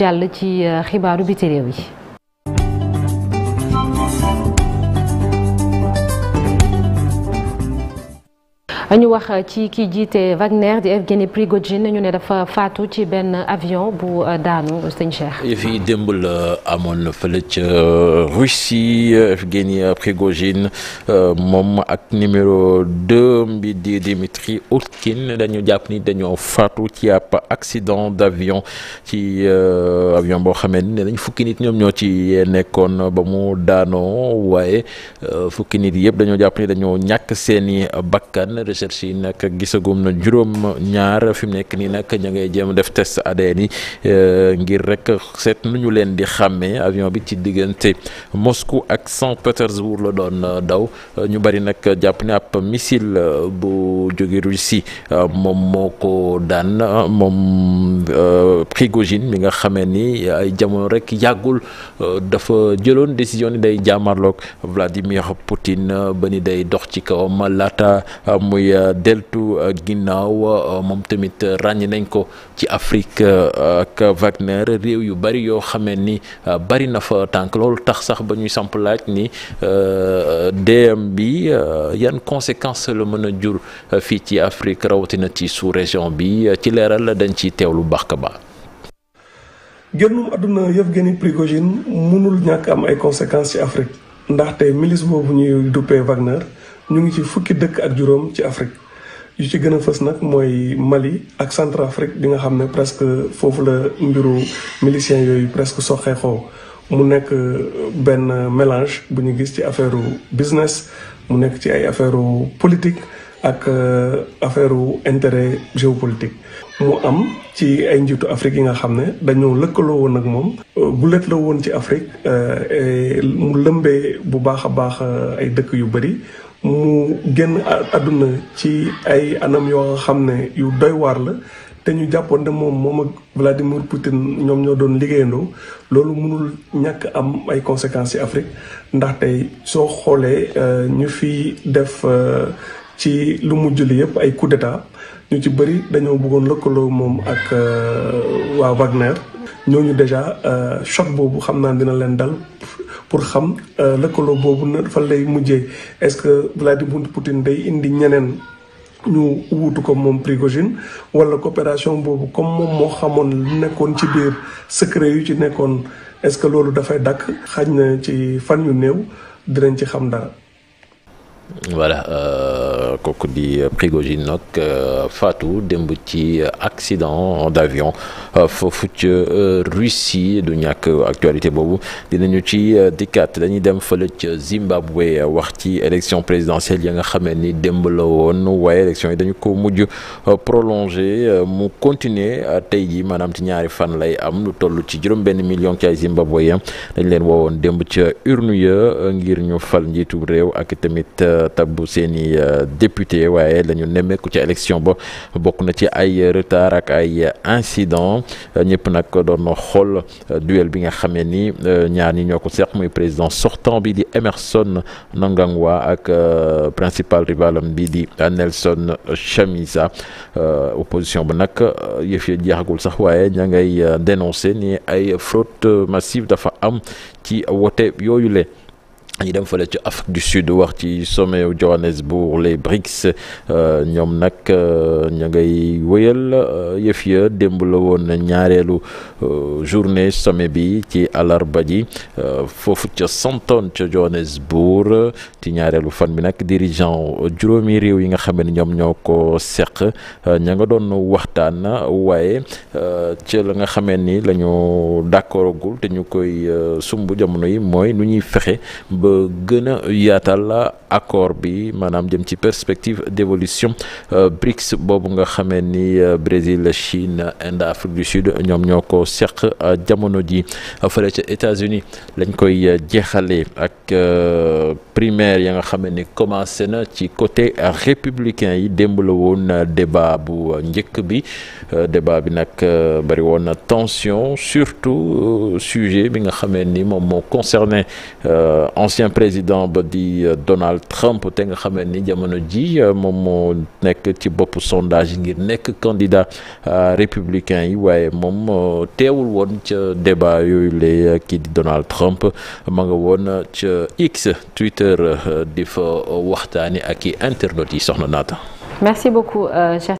jàll ci euh, xibaaru biti réew yi ñu wax euh, ci ki jiite Wagner di Evgeny Prigojine ñu ne dafa faatu ci benn avion bu euh, daanu sëñ Cheikh. yëf yi démb la amoon fële ca euh, Russie Evgeny Prigojine moom ak numéro 2 bi di Dimitri Utkin dañu jàpp ni dañoo faatu ci ab accident d'avion ci avion boo xamee ne dañ fukki nit ñoom ñoo ci nekkoon ba mu daanoo waaye fukki nit yëpp dañoo jàpp ni dañoo ñàkk seeni bakkan. Chelsea nag gisagum na juróom ñaar fi mu nekk nii nag ña ngay jéem def test ADN yi euh, ngir rek seet nañu leen di xàmmee avion bi ci diggante Moscou ak Saint-Pétersbourg la doon euh, daw ñu bari nag jàpp ne ab missile euh, bu jóge Russie moom moo ko daan moom Prigojine bi nga xamee ni ay jamono rek yàggul dafa jëloon décision ni day jàmmarloog Vladimir Poutine ba ni day dox ci kawam laata muy Euh, deltu euh, ginnaaw euh, moom tamit ràññi nañ ko ci Afrique ak Wagner réew yu bari yoo xamee ni bari na fa tànk loolu tax sax ba ñuy samp laaj ni DM bi yan conséquences la mën a jur fii ci Afrique rawatina ci sous région bi ci leeral la dañ ciy teew lu ka baax. génnum àdduna Yevgeny Prigojine mënul ñàkk am ay conséquences ci Afrique ndaxte milice boobu ñuy duppee Wagner. ñu ngi ci fukki dëkk ak juróom ci Afrique yu ci gën a fës nag mooy Mali ak Centrafrique bi nga xam ne presque foofu la mbiru miliciens yooyu presque soxeexoo mu nekk euh, benn mélange bu ñu gis ci affaire business mu nekk ci ay affaire politique ak euh, affaire intérêt géopolitique mu am ci ay njiitu Afrique yi nga xam ne dañoo lëkkaloo woon ak moom gulet euh, la woon ci Afrique mu lëmbee bu baax a baax ay dëkk yu bëri mu génn àdduna ci ay anam yoo xam ne yu doy waar la te ñu jàppoon ne moom moom ak Vladimir Poutine ñoom ñoo doon liggéeyandoo loolu mënul ñàkk am ay conséquences ci Afrique ndax tey soo xoolee euh, ñu fi def euh, ci lu mujj li yëpp ay coup d'état ñu ci bëri dañoo bëggoon lëkkaloo moom ak euh, waa Wagner ñooñu déjà choc boobu xam naa dina leen dal pour xam lëkkaloo euh, boobu na fan lay mujjee est-ce que Vladimir Poutine day indi ñeneen ñu wuutu ko moom Prigojine wala coopération boobu comme moom moo xamoon lu nekkoon ci biir secret yu ci nekkoon est-ce que loolu dafay dakk xaj na ci fan yu néew dinañ ci xam dara. voilà euh, kooku di Prigojine nag euh, faatu démb ci accident d'avion euh, foofu ca Russie du ñàkk actualité boobu dinañu ci dikkaat dañuy dem fële ca Zimbabwe wax ci élection présidentielle ya nga xamee ni démb la woon waaye élection yi dañu ko mujj prolongé mu continuer tey ji maanaam ci ñaari fan lay am lu toll ci juróom-benn million ci ay Zimbabwe dañ leen woowoon démb ca urne ya ngir ñu fal njiitu réew ak tamit. tabbu seen i euh, député waaye la nemmeeku ci élection ba bokk na ci ay retard ak ay incident ñëpp nag doon na xool euh, duel bi nga xamee ni euh, ñaar ñi ñoo ko seq muy président sortant bi di Emerson Mnangagwa ak principal rivalam bi di Nelson Chamisa opposition ba nag yëf ya jeexagul sax waaye ña ngay dénoncé ni ay fraude massive dafa am ci wote yooyu le ñu dem fële ci Afrique du Sud wax ci sommet Johannesburg les BRICS euh, ñoom nag euh, ñu ngay wëyal euh, yëf ya démb la woon ñaareelu journée sommet bi ci àllarba ji foofu ca santoon ca Johannesburg ci ñaareelu fan bi nag dirigeant juróomi réew yi nga xam ne ñoom ñoo ko seq ña nga doon waxtaan waaye ca la nga xamee ni la ñu d'accordagul te ñu koy sumb jamono yi mooy nu ñuy fexe gën a yaatal accord bi maanaam jëm ci perspective d'évolution euh, BRICS boobu nga xamee ni euh, Brésil Chine Inde Afrique du Sud ñoom ñoo ko seq euh, jamono ji fële ca États-Unis lañ koy jeexale ak primaire ya nga xamee ni commencé na ci côté républicain yi démb la woon débat bu njëkk bi débat bi nag bari woon na tension surtout sujet bi nga xamee ni moom moo concerné ancien président ba di euh, Donald Trump te nga xamee ni jamono ji euh, moom moo nekk ci bopp sondage ngir nekk candidat euh, républicain yi waaye moom teewul woon ca débat yooyu la kii di Donald Trump maa nga woon ca X Twitter di fa waxtaani ak i internautes yi soxna naata